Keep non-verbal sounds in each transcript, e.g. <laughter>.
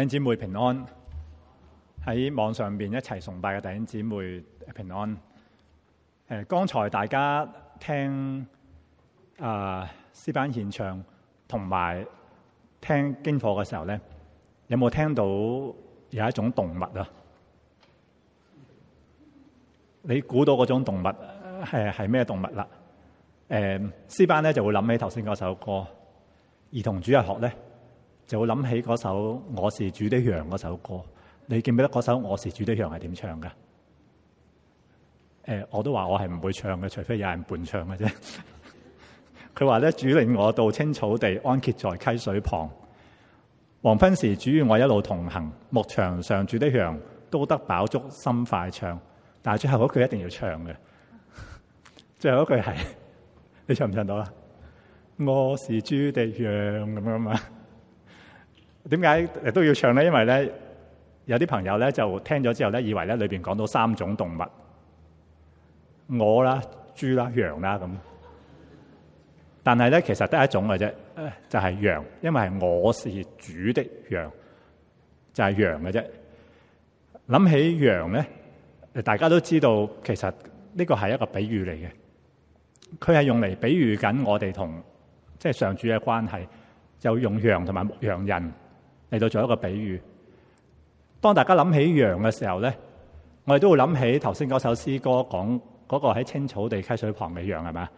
弟兄姊妹平安，喺網上邊一齊崇拜嘅弟兄姊妹平安。誒，剛才大家聽啊詩班獻唱，同埋聽經課嘅時候咧，有冇聽到有一種動物啊？你估到嗰種動物係係咩動物啦？誒、啊，詩班咧就會諗起頭先嗰首歌《兒童主日學》呢咧。就會諗起嗰首《我是主的羊》嗰首歌，你記唔記得嗰首《我是主的羊》係點唱嘅？誒，我都話我係唔會唱嘅，除非有人伴唱嘅啫。佢話咧， <laughs> 主領我到青草地，安歇在溪水旁。黃昏時，主與我一路同行。牧場上，主的羊都得飽足，心快暢。但係最後嗰句一定要唱嘅， <laughs> 最後一句係你唱唔唱到啊？ <laughs> 我是主的羊咁樣啊！點解都要唱咧？因為咧，有啲朋友咧就聽咗之後咧，以為咧裏邊講到三種動物，鵝啦、豬啦、羊啦咁。但係咧，其實得一種嘅啫，就係羊，因為係我是主的羊，就係羊嘅啫。諗起羊咧，大家都知道，其實呢個係一個比喻嚟嘅，佢係用嚟比喻緊我哋同即係上主嘅關係，就用羊同埋牧羊人。嚟到做一個比喻，當大家諗起羊嘅時候咧，我哋都會諗起頭先嗰首詩歌講嗰、嗰個喺青草地溪水旁嘅羊係咪啊？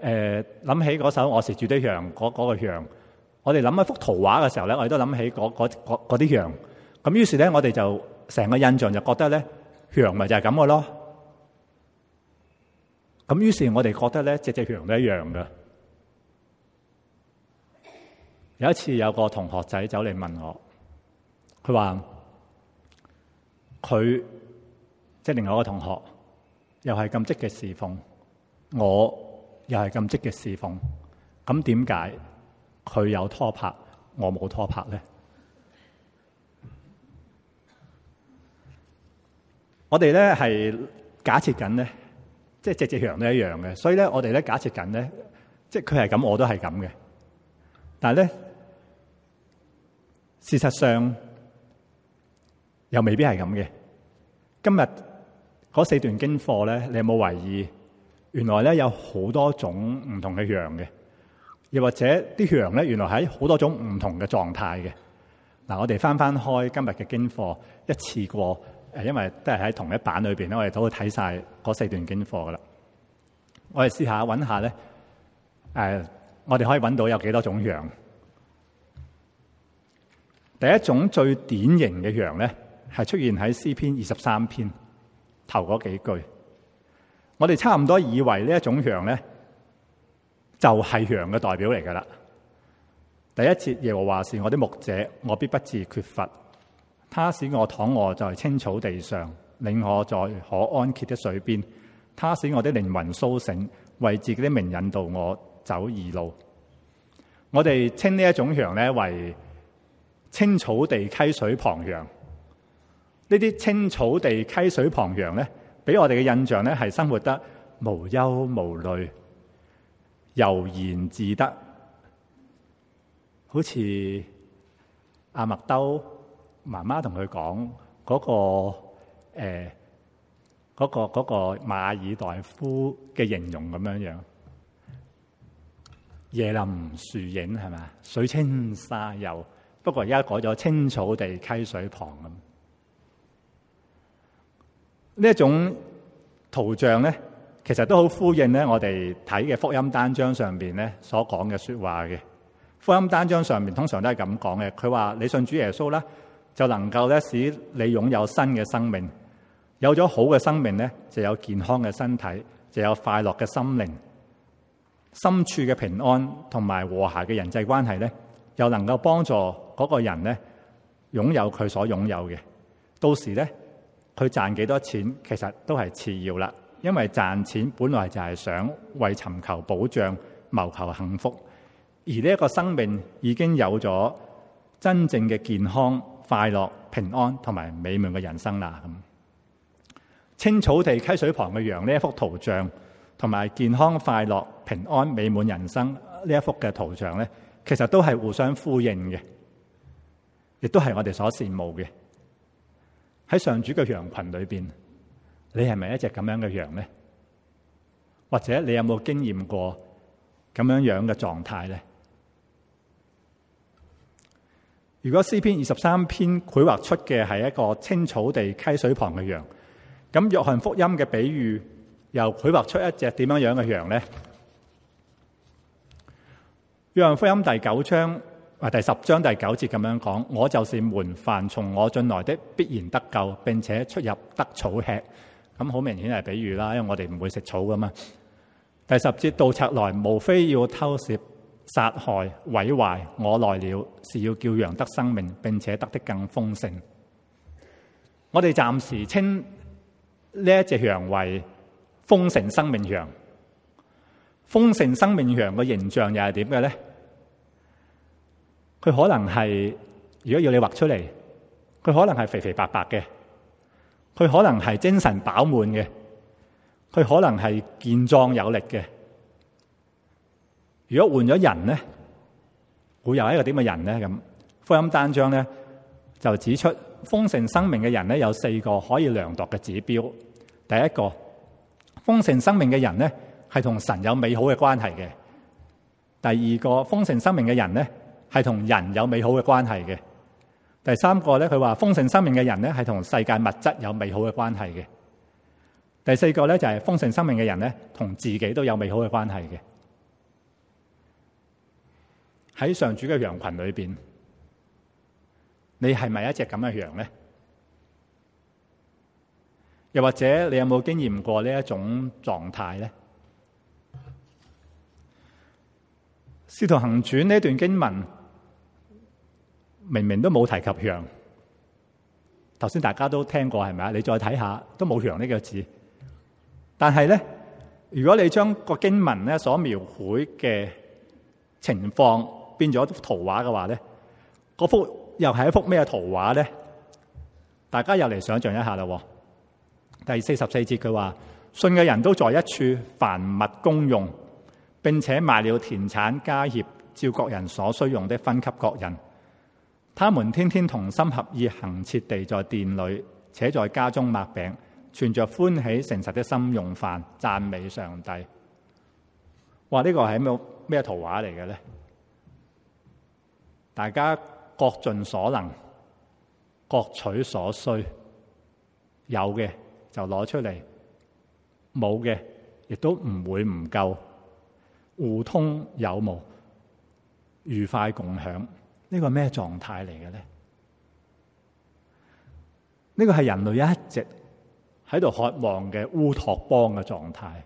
誒諗、呃、起嗰首《我是住啲羊》，嗰、嗰個羊，我哋諗起一幅圖畫嘅時候咧，我哋都諗起嗰啲羊。咁於是咧，我哋就成個印象就覺得咧，羊咪就係咁嘅咯。咁於是，我哋覺得咧，隻隻羊都一樣嘅。有一次，有個同學仔走嚟問我，佢話佢即係另外一個同學，又係咁積極侍奉，我又係咁積極侍奉，咁點解佢有拖拍，我冇拖拍咧？我哋咧係假設緊咧，即係只隻羊都一樣嘅，所以咧我哋咧假設緊咧，即係佢係咁，我都係咁嘅，但係咧。事實上，又未必係咁嘅。今日嗰四段經課咧，你有冇懷疑？原來咧有好多種唔同嘅羊嘅，又或者啲羊咧原來喺好多種唔同嘅狀態嘅。嗱，我哋翻翻開今日嘅經課，一次過誒，因為都係喺同一版裏邊咧，我哋都會睇晒嗰四段經課噶啦。我哋試下揾下咧，誒，我哋可以揾到有幾多種羊？第一種最典型嘅羊咧，係出現喺詩篇二十三篇頭嗰幾句。我哋差唔多以為呢一種羊咧，就係、是、羊嘅代表嚟噶啦。第一節，耶和華是我的牧者，我必不致缺乏。他使我躺臥在青草地上，領我在可安歇的水邊。他使我的靈魂甦醒，為自己的名引導我走義路。我哋稱呢一種羊咧為青草地溪水旁洋。呢啲青草地溪水旁洋咧，俾我哋嘅印象咧，係生活得無憂無慮、悠然自得，好似阿麥兜媽媽同佢講嗰個誒嗰、欸嗰個嗰、嗰個、馬爾代夫嘅形容咁樣樣，椰林樹影係咪啊？水清沙幼。不過而家改咗青草地溪水旁咁，呢一種圖像咧，其實都好呼應咧。我哋睇嘅福音單張上邊咧所講嘅說話嘅，福音單張上面，通常都係咁講嘅。佢話你信主耶穌咧，就能夠咧使你擁有新嘅生命，有咗好嘅生命咧，就有健康嘅身體，就有快樂嘅心靈，深處嘅平安同埋和諧嘅人際關係咧，又能夠幫助。嗰個人呢，擁有佢所擁有嘅，到時呢，佢賺幾多錢其實都係次要啦。因為賺錢本來就係想為尋求保障、謀求幸福，而呢一個生命已經有咗真正嘅健康、快樂、平安同埋美滿嘅人生啦。咁青草地溪水旁嘅羊呢一幅圖像，同埋健康、快樂、平安、美滿人生呢一幅嘅圖像呢，其實都係互相呼應嘅。亦都係我哋所羨慕嘅。喺上主嘅羊群裏邊，你係咪一隻咁樣嘅羊咧？或者你有冇經驗過咁樣樣嘅狀態咧？如果詩篇二十三篇繪畫出嘅係一個青草地溪水旁嘅羊，咁約翰福音嘅比喻又繪畫出一隻點樣樣嘅羊咧？約翰福音第九章。話第十章第九節咁樣講，我就是門，凡從我進來的必然得救，並且出入得草吃。咁好明顯係比喻啦，因為我哋唔會食草噶嘛。第十節，盜賊來，無非要偷竊、殺害、毀壞。我來了是要叫羊得生命，並且得的更豐盛。我哋暫時稱呢一隻羊為豐盛生命羊。豐盛生命羊嘅形象又係點嘅咧？佢可能係，如果要你畫出嚟，佢可能係肥肥白白嘅，佢可能係精神飽滿嘅，佢可能係健壯有力嘅。如果換咗人咧，會有一個點嘅人咧？咁福音單張咧就指出，豐盛生命嘅人咧有四個可以量度嘅指標。第一個，豐盛生命嘅人咧係同神有美好嘅關係嘅。第二個，豐盛生命嘅人咧。係同人有美好嘅關係嘅。第三個咧，佢話豐盛生命嘅人咧，係同世界物質有美好嘅關係嘅。第四個咧就係豐盛生命嘅人咧，同自己都有美好嘅關係嘅。喺上主嘅羊群裏邊，你係咪一隻咁嘅羊咧？又或者你有冇經驗過呢一種狀態咧？使徒行傳呢段經文。明明都冇提及羊，頭先大家都聽過係咪啊？你再睇下都冇羊呢個字。但係咧，如果你將個經文咧所描繪嘅情況變咗一幅圖畫嘅話咧，嗰幅又係一幅咩圖畫咧？大家又嚟想象一下啦。第四十四節佢話：信嘅人都在一處凡物公用，並且賣了田產家業，照各人所需用的分給各人。他們天天同心合意、恆切地在殿裏，且在家中擘餅，存着歡喜、誠實的心用飯讚美上帝。哇！呢個係咩圖畫嚟嘅咧？大家各盡所能，各取所需，有嘅就攞出嚟，冇嘅亦都唔會唔夠，互通有無，愉快共享。呢個咩狀態嚟嘅咧？呢個係人類一直喺度渴望嘅烏托邦嘅狀態，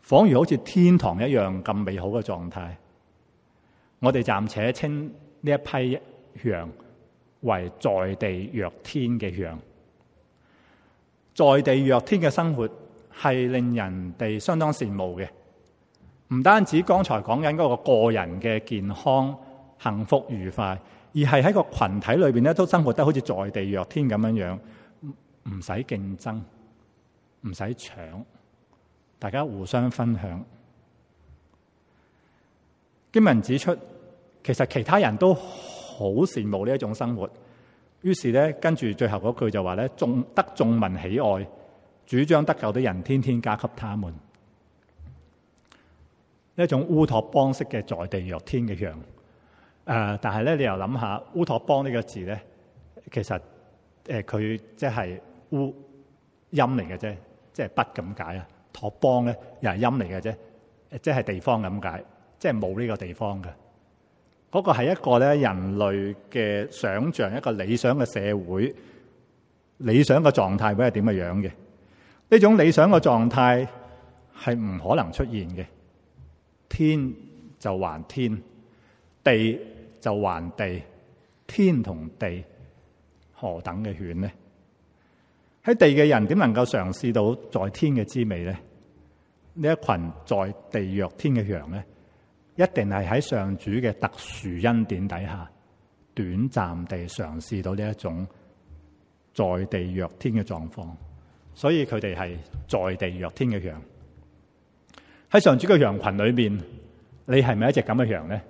仿如好似天堂一樣咁美好嘅狀態。我哋暫且稱呢一批羊為在地若天嘅羊，在地若天嘅生活係令人哋相當羨慕嘅。唔單止剛才講緊嗰個個人嘅健康。幸福愉快，而係喺個群體裏邊咧，都生活得好似在地若天咁樣樣，唔使競爭，唔使搶，大家互相分享。經文指出，其實其他人都好羨慕呢一種生活，於是咧跟住最後嗰句就話咧，眾得眾民喜愛，主將得救的人天天加給他們，一種烏托邦式嘅在地若天嘅樣。誒、呃，但係咧，你又諗下烏托邦這個呢個字咧，其實誒佢即係烏音嚟嘅啫，即係不咁解啊。托邦咧又係音嚟嘅啫，即係地方咁解，即係冇呢個地方嘅。嗰、那個係一個咧人類嘅想象，一個理想嘅社會，理想嘅狀態會係點嘅樣嘅？呢種理想嘅狀態係唔可能出現嘅。天就還天地。就還地天同地何等嘅犬呢？喺地嘅人點能夠嘗試到在天嘅滋味呢？呢一群在地若天嘅羊呢，一定係喺上主嘅特殊恩典底下，短暫地嘗試到呢一種在地若天嘅狀況。所以佢哋係在地若天嘅羊。喺上主嘅羊群裏邊，你係咪一隻咁嘅羊呢？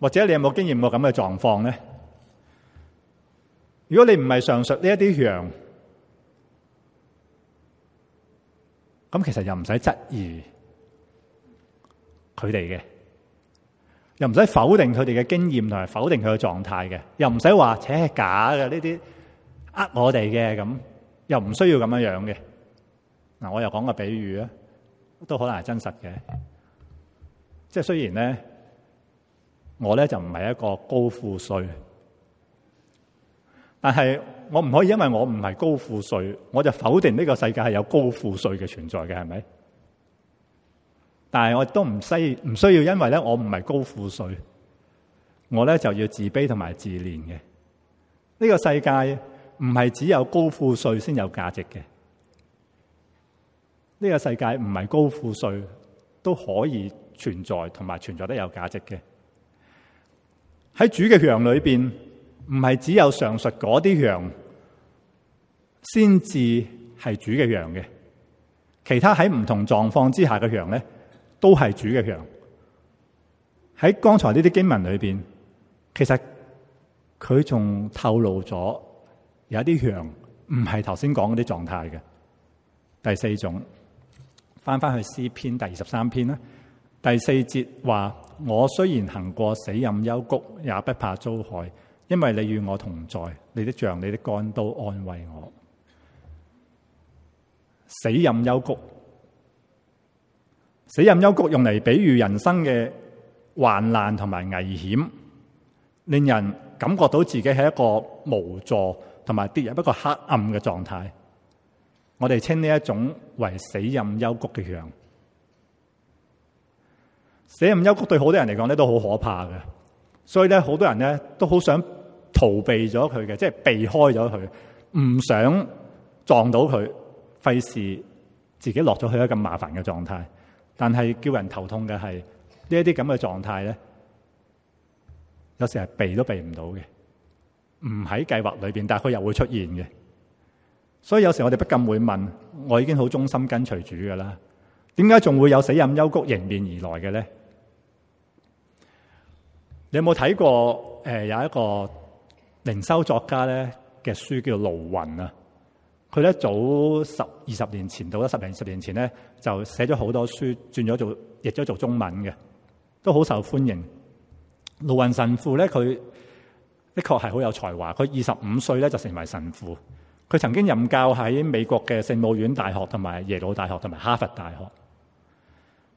或者你有冇經驗過咁嘅狀況咧？如果你唔係上述呢一啲羊，咁其實又唔使質疑佢哋嘅，又唔使否定佢哋嘅經驗同埋否定佢嘅狀態嘅，又唔使話，扯係假嘅呢啲呃我哋嘅咁，又唔需要咁樣樣嘅。嗱，我又講個比喻啊，都可能係真實嘅，即係雖然咧。我咧就唔係一個高富帥，但係我唔可以因為我唔係高富帥，我就否定呢個世界係有高富帥嘅存在嘅，係咪？但係我亦都唔需唔需要因為咧我唔係高富帥，我咧就要自卑同埋自憐嘅。呢個世界唔係只有高富帥先有價值嘅，呢個世界唔係高富帥都可以存在同埋存在得有價值嘅。喺主嘅羊裏邊，唔係只有上述嗰啲羊，先至係主嘅羊嘅。其他喺唔同狀況之下嘅羊咧，都係主嘅羊。喺剛才呢啲經文裏邊，其實佢仲透露咗有啲羊唔係頭先講嗰啲狀態嘅。第四種，翻翻去詩篇第二十三篇啦。第四節話：我雖然行過死蔭幽谷，也不怕遭害，因為你與我同在，你的杖，你的竿都安慰我。死蔭幽谷，死蔭幽谷用嚟比喻人生嘅患難同埋危險，令人感覺到自己係一個無助同埋跌入一個黑暗嘅狀態。我哋稱呢一種為死蔭幽谷嘅樣。死蔭幽谷對好多人嚟講咧都好可怕嘅，所以咧好多人咧都好想逃避咗佢嘅，即係避開咗佢，唔想撞到佢，費事自己落咗去一個咁麻煩嘅狀態。但係叫人頭痛嘅係呢一啲咁嘅狀態咧，有時係避都避唔到嘅，唔喺計劃裏邊，但係佢又會出現嘅。所以有時我哋不禁會問：我已經好忠心跟隨主㗎啦，點解仲會有死蔭幽谷迎面而來嘅咧？你有冇睇過？誒、呃、有一個靈修作家咧嘅書叫《盧雲》啊。佢咧早十二十年前到咗十零十年前咧，就寫咗好多書，轉咗做譯咗做中文嘅，都好受歡迎。盧雲神父咧，佢的確係好有才華。佢二十五歲咧就成為神父。佢曾經任教喺美國嘅聖母院大學同埋耶魯大學同埋哈佛大學。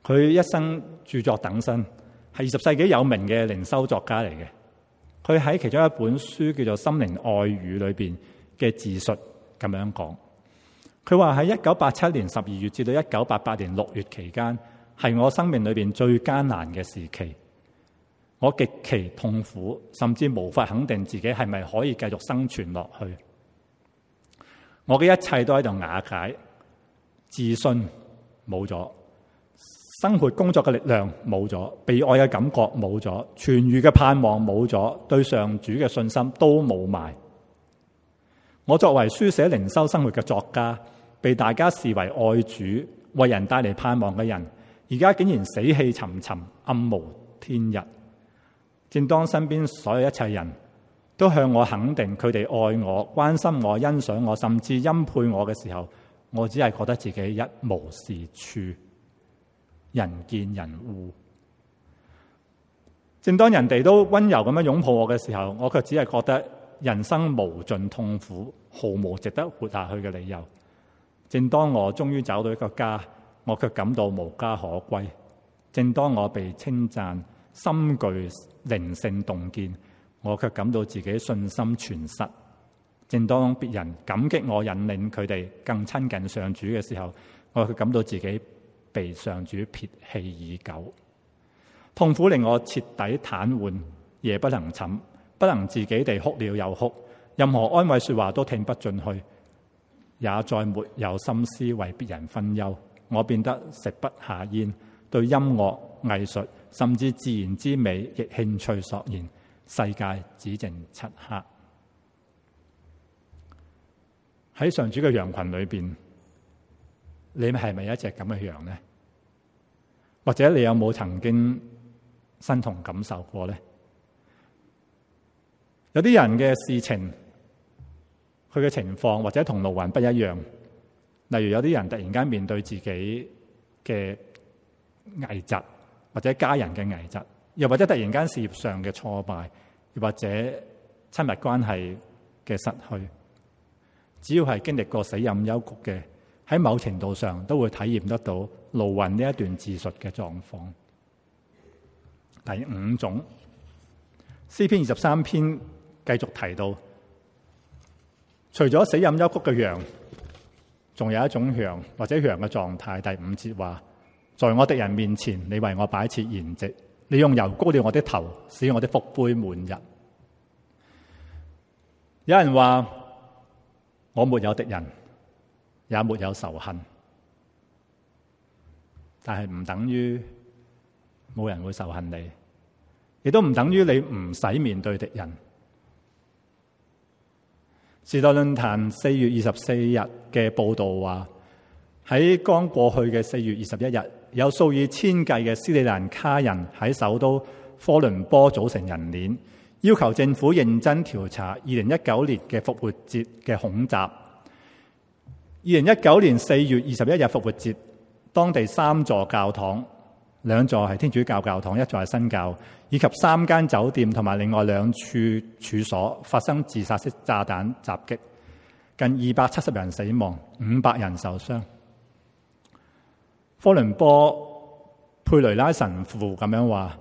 佢一生著作等身。係二十世紀有名嘅靈修作家嚟嘅，佢喺其中一本書叫做《心靈愛語》裏邊嘅自述咁樣講。佢話喺一九八七年十二月至到一九八八年六月期間，係我生命裏邊最艱難嘅時期。我極其痛苦，甚至無法肯定自己係咪可以繼續生存落去。我嘅一切都喺度瓦解，自信冇咗。生活工作嘅力量冇咗，被愛嘅感覺冇咗，痊愈嘅盼望冇咗，對上主嘅信心都冇埋。我作為書寫靈修生活嘅作家，被大家視為愛主、為人帶嚟盼望嘅人，而家竟然死氣沉沉、暗無天日。正當身邊所有一切人都向我肯定佢哋愛我、關心我、欣賞我，甚至欽佩我嘅時候，我只係覺得自己一無是處。人見人惡。正當人哋都温柔咁樣擁抱我嘅時候，我却只係覺得人生無盡痛苦，毫無值得活下去嘅理由。正當我終於找到一個家，我却感到無家可歸。正當我被稱讚，深具靈性洞見，我却感到自己信心全失。正當別人感激我引領佢哋更親近上主嘅時候，我却感到自己，被上主撇棄已久，痛苦令我徹底癱瘓，夜不能寢，不能自己地哭了又哭，任何安慰說話都聽不進去，也再沒有心思為別人分憂。我變得食不下咽，對音樂、藝術，甚至自然之美亦興趣索然。世界只剩漆黑。喺上主嘅羊群裏邊。你係咪一隻咁嘅羊咧？或者你有冇曾經身同感受過咧？有啲人嘅事情，佢嘅情況或者同路環不一樣。例如有啲人突然間面對自己嘅危疾，或者家人嘅危疾，又或者突然間事業上嘅挫敗，又或者親密關係嘅失去。只要係經歷過死蔭幽谷嘅。喺某程度上都會體驗得到盧雲呢一段自述嘅狀況。第五種，詩篇二十三篇繼續提到，除咗死蔭幽谷嘅羊，仲有一種羊或者羊嘅狀態。第五節話：在我敵人面前，你為我擺設筵席，你用油膏了我的頭，使我的福杯滿溢。」有人話我沒有敵人。也沒有仇恨，但係唔等於冇人會仇恨你，亦都唔等於你唔使面對敵人。時代論壇四月二十四日嘅報導話：喺剛過去嘅四月二十一日，有數以千計嘅斯里蘭卡人喺首都科倫坡組成人鏈，要求政府認真調查二零一九年嘅復活節嘅恐襲。二零一九年四月二十一日復活節，當地三座教堂，兩座係天主教教堂，一座係新教，以及三間酒店同埋另外兩處處所發生自殺式炸彈襲擊，近二百七十人死亡，五百人受傷。科倫波佩雷拉神父咁樣話，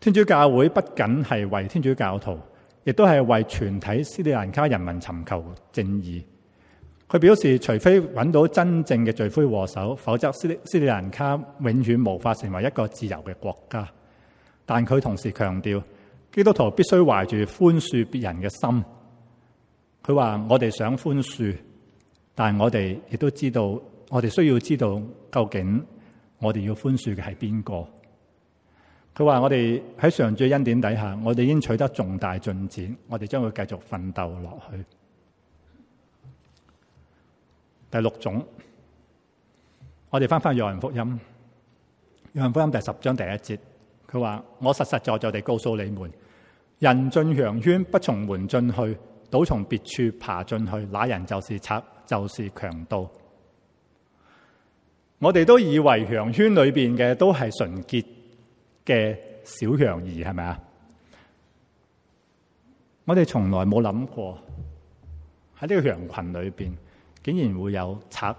天主教會不僅係為天主教徒，亦都係為全體斯里蘭卡人民尋求正義。佢表示，除非揾到真正嘅罪魁禍首，否則斯里斯里蘭卡永遠無法成為一個自由嘅國家。但佢同時強調，基督徒必須懷住寬恕別人嘅心。佢話：我哋想寬恕，但係我哋亦都知道，我哋需要知道究竟我哋要寬恕嘅係邊個。佢話：我哋喺上主恩典底下，我哋已經取得重大進展，我哋將會繼續奮鬥落去。第六種，我哋翻翻《約翰福音》，《約翰福音》第十章第一節，佢話：我實實在在地告訴你們，人進羊圈不從門進去，倒從別處爬進去，那人就是賊，就是強盜。我哋都以為羊圈裏面嘅都係純潔嘅小羊兒，係咪啊？我哋從來冇諗過喺呢個羊群裏面，竟然會有賊，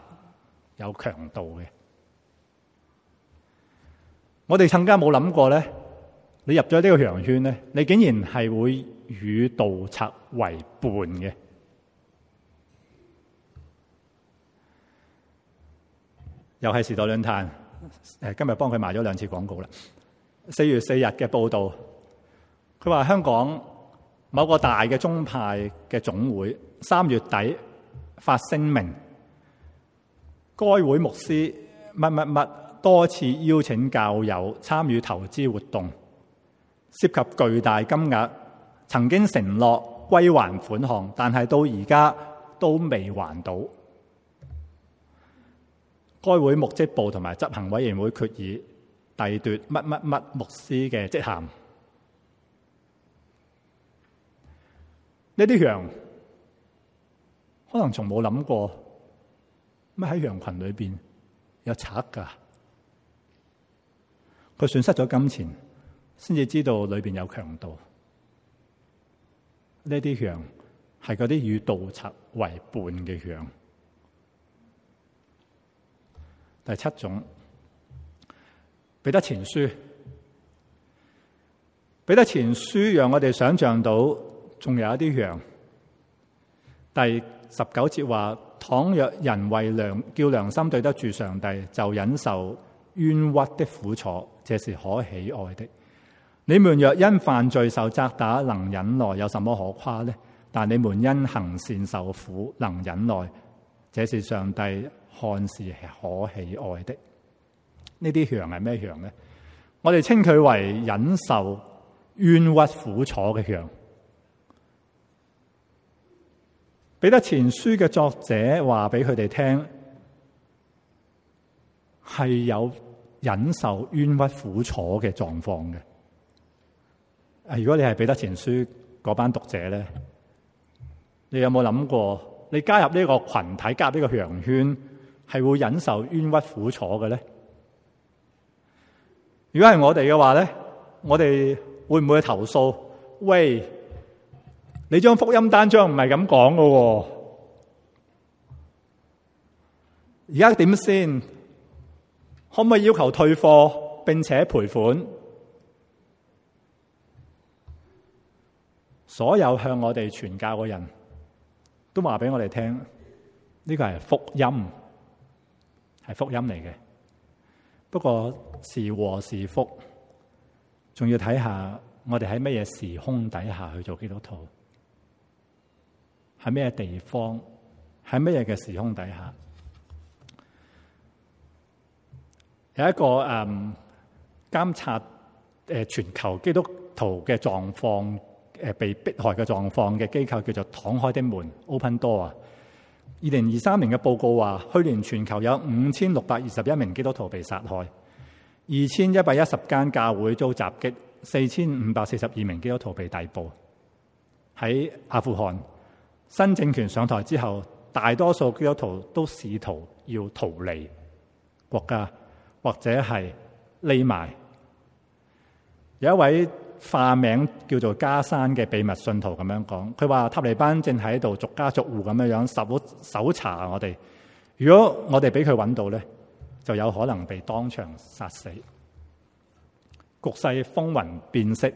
有強盜嘅，我哋更加冇諗過咧，你入咗呢個羊圈咧，你竟然係會與盜賊為伴嘅。又係時代論壇，誒今日幫佢賣咗兩次廣告啦。四月四日嘅報導，佢話香港某個大嘅宗派嘅總會三月底。發聲明，該會牧師乜乜乜，多次邀請教友參與投資活動，涉及巨大金額，曾經承諾歸還款項，但係到而家都未還到。該會牧職部同埋執行委員會決議，褫奪乜乜乜牧師嘅職銜。呢啲羊。.可能從冇諗過咩喺羊群裏邊有賊噶，佢損失咗金錢，先至知道裏邊有強盜。呢啲羊係嗰啲與盜賊為伴嘅羊。第七種，彼得前書，彼得前書，讓我哋想象到仲有一啲羊，第。十九節話：倘若人為良，叫良心對得住上帝，就忍受冤屈的苦楚，這是可喜愛的。你們若因犯罪受責打，能忍耐，有什麼可誇呢？但你們因行善受苦，能忍耐，這是上帝看是可喜愛的。呢啲羊係咩羊呢？我哋稱佢為忍受冤屈苦楚嘅羊。彼得前書嘅作者話俾佢哋聽，係有忍受冤屈苦楚嘅狀況嘅。如果你係彼得前書嗰班讀者咧,你有冇諗過，你加入呢個群體，加入呢個羊圈，係會忍受冤屈苦楚嘅咧？如果係我哋嘅話咧，我哋會唔會去投訴？喂！你張福音單張唔係咁講㗎喎。而家點先？可唔可以要求退貨，並且賠款？所有向我哋傳教嘅人都話俾我哋聽，呢、呢個係福音，係福音嚟嘅。不過是禍是福，仲要睇下我哋喺乜嘢時空底下去做基督徒。喺咩地方？喺咩嘢嘅時空底下？有一個誒、嗯、監察誒全球基督徒嘅狀況誒被迫害嘅狀況嘅機構叫做敞開的門 （Open Door） 啊。二零二三年嘅報告話，去年全球有五千六百二十一名基督徒被殺害，二千一百一十間教會遭襲擊，四千五百四十二名基督徒被逮捕喺阿富汗。新政權上台之後，大多數基督徒都試圖要逃離國家，或者係匿埋。有一位化名叫做加山嘅秘密信徒咁樣講，佢話塔利班正喺度逐家逐戶咁樣樣搜搜查我哋。如果我哋俾佢揾到咧，就有可能被當場殺死。局勢風雲變色，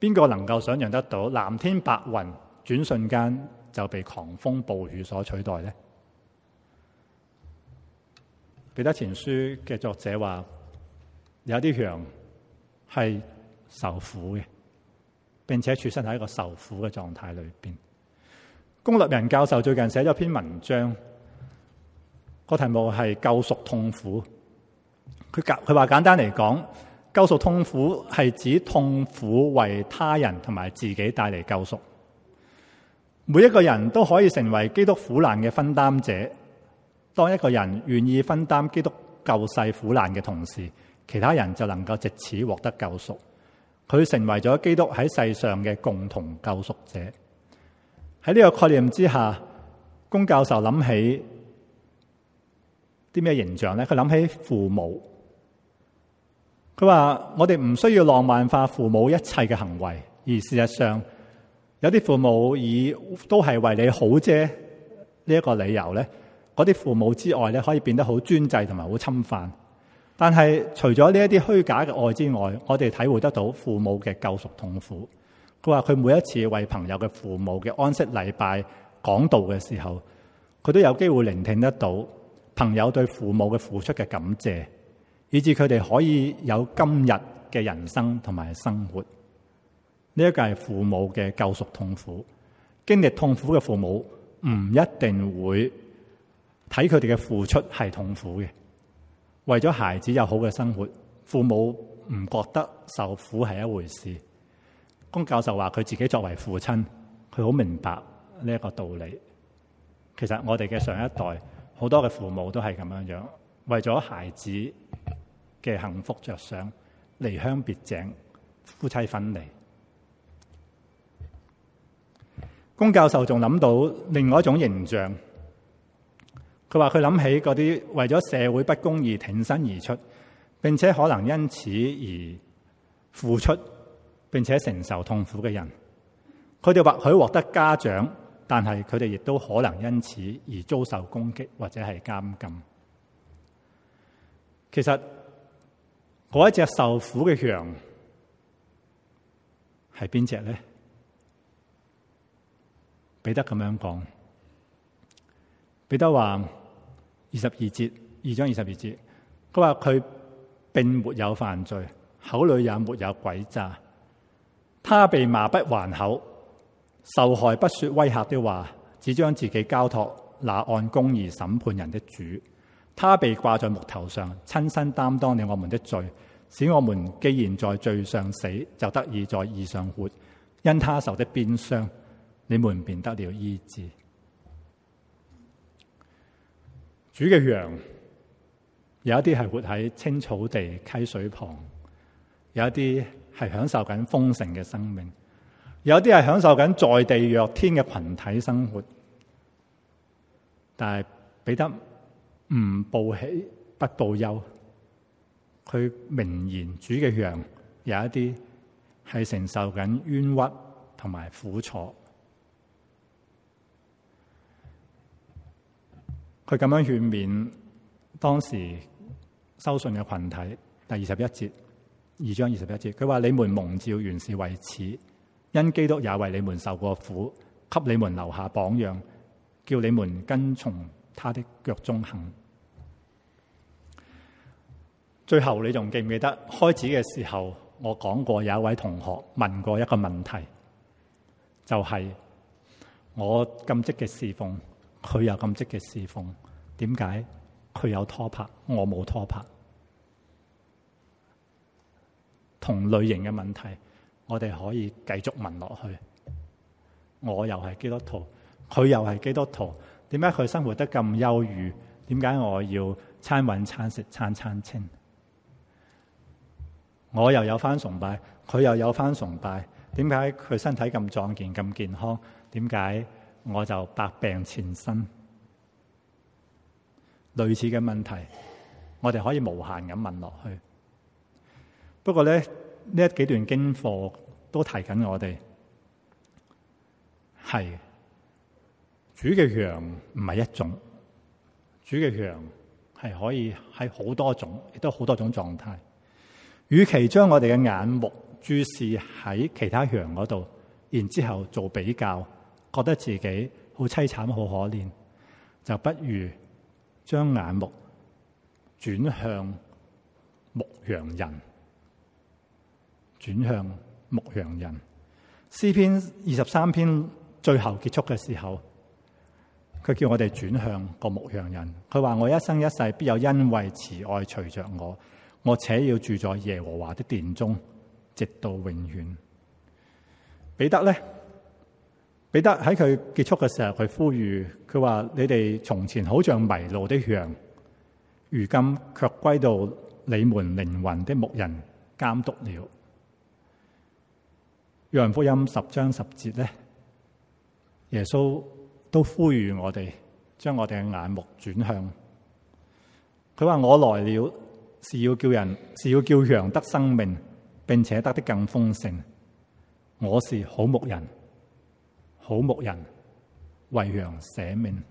邊個能夠想像得到藍天白雲轉瞬間，就被狂風暴雨所取代咧。彼得前書嘅作者話：有啲羊係受苦嘅，並且處身喺一個受苦嘅狀態裏邊。龔立人教授最近寫咗一篇文章，個題目係救贖痛苦。佢簡，佢話簡單嚟講，救贖痛苦係指痛苦為他人同埋自己帶嚟救贖。每一個人都可以成為基督苦難嘅分擔者。當一個人願意分擔基督救世苦難嘅同時，其他人就能夠借此獲得救贖。佢成為咗基督喺世上嘅共同救贖者。喺呢個概念之下，龔教授諗起啲咩形象咧？佢諗起父母。佢話我哋唔需要浪漫化父母一切嘅行為，而事實上。有啲父母以都係為你好啫，呢一個理由咧，嗰啲父母之外咧，可以變得好專制同埋好侵犯。但係除咗呢一啲虛假嘅愛之外，我哋體會得到父母嘅救贖痛苦。佢話，佢每一次為朋友嘅父母嘅安息禮拜講道嘅時候，佢都有機會聆聽得到朋友對父母嘅付出嘅感謝，以至佢哋可以有今日嘅人生同埋生活。呢一個係父母嘅救贖痛苦，經歷痛苦嘅父母唔一定會睇佢哋嘅付出係痛苦嘅。為咗孩子有好嘅生活，父母唔覺得受苦係一回事。龔教授話：佢自己作為父親，佢好明白呢一個道理。其實我哋嘅上一代好多嘅父母都係咁樣樣，為咗孩子嘅幸福着想，離鄉別井，夫妻分離。龔教授仲諗到另外一種形象，佢話佢諗起嗰啲為咗社會不公義而挺身而出，並且可能因此而付出，並且承受痛苦嘅人，佢哋或許獲得嘉獎，但係佢哋亦都可能因此而遭受攻擊或者係監禁。其實嗰一隻受苦嘅羊係邊隻咧？彼得咁樣講，彼得話，二十二節二章二十二節，佢話，佢並沒有犯罪，口裏也沒有詭詐，他被罵不還口，受害不說威嚇的話，只將自己交託那按公義審判人的主。他被掛在木頭上，親身擔當了我們的罪，使我們既然在罪上死，就得以在義上活。因他受的鞭傷，你們便得了醫治。主嘅羊有一啲係活喺青草地溪水旁，有一啲係享受緊豐盛嘅生命，有啲係享受緊在地若天嘅群體生活。但係彼得唔報喜不報憂，佢明言主嘅羊有一啲係承受緊冤屈同埋苦楚。佢咁樣勸勉當時收信嘅群體，第二十一節，二章二十一節，佢話：你們蒙召原是為此，因基督也為你們受過苦，給你們留下榜樣，叫你們跟從他的腳蹤行。最後，你仲記唔記得開始嘅時候，我講過有一位同學問過一個問題，就係、是、我咁積極侍奉。佢又咁積極侍奉，點解佢有拖拍，我冇拖拍？同類型嘅問題，我哋可以繼續問落去。我又係基督徒，佢又係基督徒，點解佢生活得咁優裕？點解我要餐搵餐食餐餐清？我又有返崇拜，佢又有返崇拜，點解佢身體咁壯健咁健康？點解？我就百病纏身，類似嘅問題，我哋可以無限咁問落去。不過咧，呢一幾段經課都提緊我哋係主嘅羊唔係一種，主嘅羊係可以喺好多種，亦都好多種狀態。與其將我哋嘅眼目注視喺其他羊嗰度，然之後做比較。覺得自己好淒慘、好可憐，就不如將眼目轉向牧羊人，轉向牧羊人。詩篇二十三篇最後結束嘅時候，佢叫我哋轉向個牧羊人。佢話：我一生一世必有恩惠慈愛隨着我，我且要住在耶和華的殿中，直到永遠。彼得咧。彼得喺佢結束嘅時候，佢呼籲佢話：你哋從前好像迷路的羊，如今卻歸到你們靈魂的牧人監督了。約翰福音十章十節咧，耶穌都呼籲我哋將我哋嘅眼目轉向。佢話：我來了是要叫人，是要叫羊得生命，並且得的更豐盛。我是好牧人。好牧人為羊捨命。